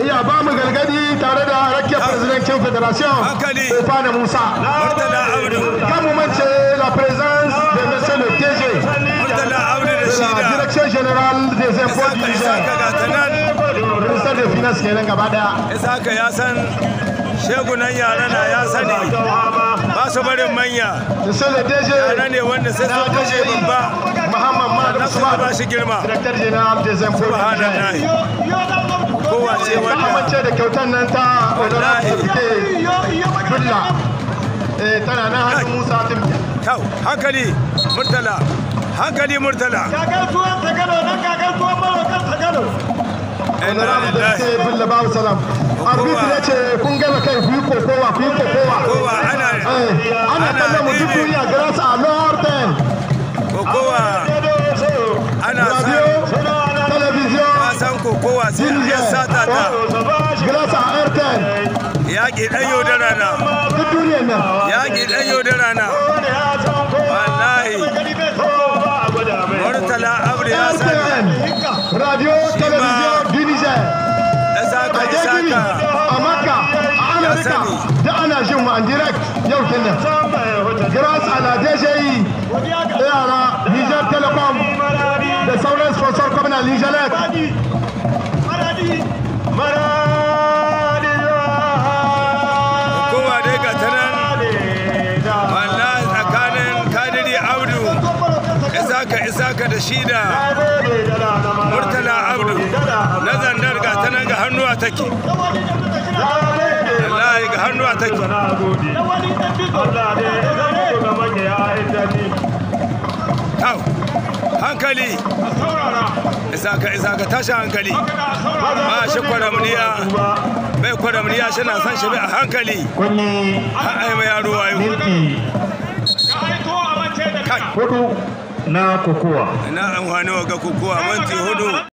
iya ba mu gargadi tare da rakiya presidentin federation Ofana Musa kan mu mance la présence de monsieur le DG la direction générale des impôts du ministère des finances kenan gaba daya isa haka ya san nan yara na ya sani ba su barin manya yara ne wanda sai su kashe babba muhammad ma da su ba shi girma subhanallah rowa ce mace da kyautar nan ta wadda ta eh, tana nan musa hankali murtala hankali murtala tuwon tagalo nan tuwon tagalo honorable da ke bulla salam ya ce kun gama kai kokowa sai an yi sata ta yaƙi ɗan yau da rana yaƙi ɗan yau da rana wallahi murtala abu ya sami shi ma isaka ya sani da ana jin mu an direct yau kenan grass ala dejayi Ali Jalet. dai ga Kadiri Audu. Isaka Isaka da Shida. Murtala Audu. Na zandar ga ta nan ga hannuwa take. Wallahi ga hannuwa take. hankali isa ka tashi hankali ba shi muniya bai muniya shi na san shi a hankali ai mai yaro wayo na kokowa na amfani wa ga kokowa manti hudu